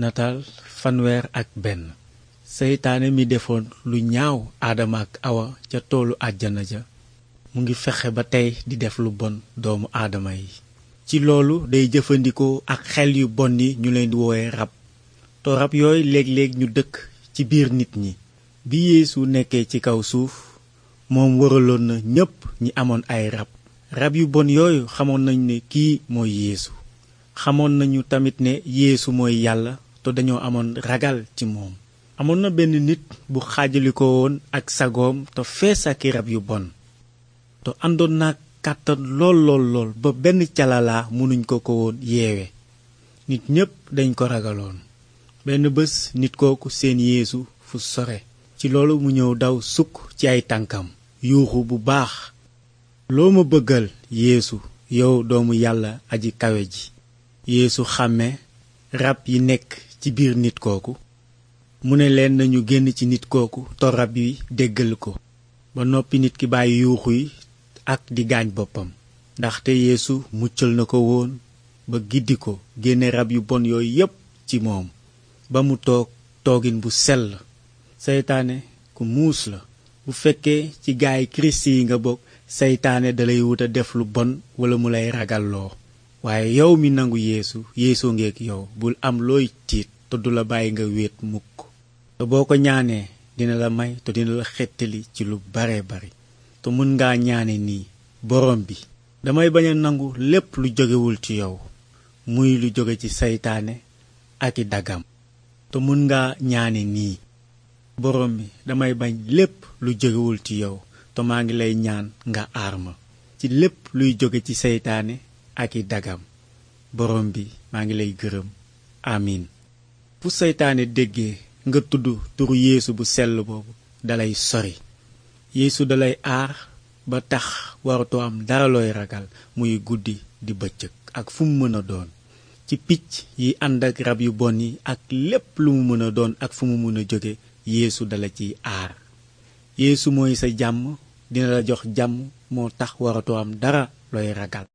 nataal fanweer ak benn seytaane mi defoon lu ñaaw aadama ak awa ca toolu àjjana ja mu ngi fexe ba tey di def lu bon doomu aadama yi ci loolu day jëfandikoo ak xel yu bon yi ñu leen di woowe rab to rab yooyu léeg-léeg ñu dëkk ci biir nit ñi bi yéesu nekkee ci kaw suuf moom wëraloon na ñépp ñi amoon ay rab rab yu bon yooyu xamoon nañu ne kii mooy yeesu xamoon nañu tamit ne yeesu mooy yàlla te dañoo amoon ragal ci moom amoon na benn nit bu ko woon ak sagoom te fees ak rab yu bon te àndoon na kàttan lool lool lool ba benn calalaa mënuñ ko ko woon yeewe nit ñépp dañ ko ragaloon benn bés nit kooku seen yéesu fu sore ci loolu mu ñëw daw sukk ci ay tànkam yuuxu bu baax loo ma bëggal yéesu yow doomu yàlla aji kawe ji yéesu xàmme rab yi nekk ci biir nit kooku mu ne leen nañu génn ci nit kooku torab yi déggal ko ba noppi nit ki bàyyi yuuxu yi ak di gaañ boppam ndaxte yeesu muccal na ko woon ba giddi ko génne rab yu bon yooyu yépp ci moom ba mu toog toogin bu sell seytaane ku muus la bu fekkee ci gaay kirist yi nga bokk seytaane dalay wuta def lu bon walla mu lay ragalloo waaye yow mi nangu yéesu yéesoo ngeek yow bul am looy tiit te du la bàyyi nga wéet mukk te boo ko ñaanee dina la may te dina la xettali ci lu baree bari te mun ngaa ñaane nii borom bi damay bañ a nangu lépp lu jógewul ci yow muy lu jóge ci seytaane ak i dagam te mun ngaa ñaane nii borom bi damay bañ lépp lu jógewul ci yow te maa ngi lay ñaan nga aar ma ci lépp luy jóge ci seytaane ak i dagam borom bi maa ngi lay gërëm amin fu seytaane déggee nga tudd turu yéesu bu sell boobu dalay sori yéesu dalay aar ba tax waratoo am dara looy ragal muy guddi di bëccëg ak fu mu mën a doon ci picc yi ànd ak rab yu bon yi ak lépp lu mu mën a doon ak fu mu mën a jóge yéesu dala ciy aar yéesu mooy sa jàmm dina la jox jàmm moo tax waratoo am dara looy ragal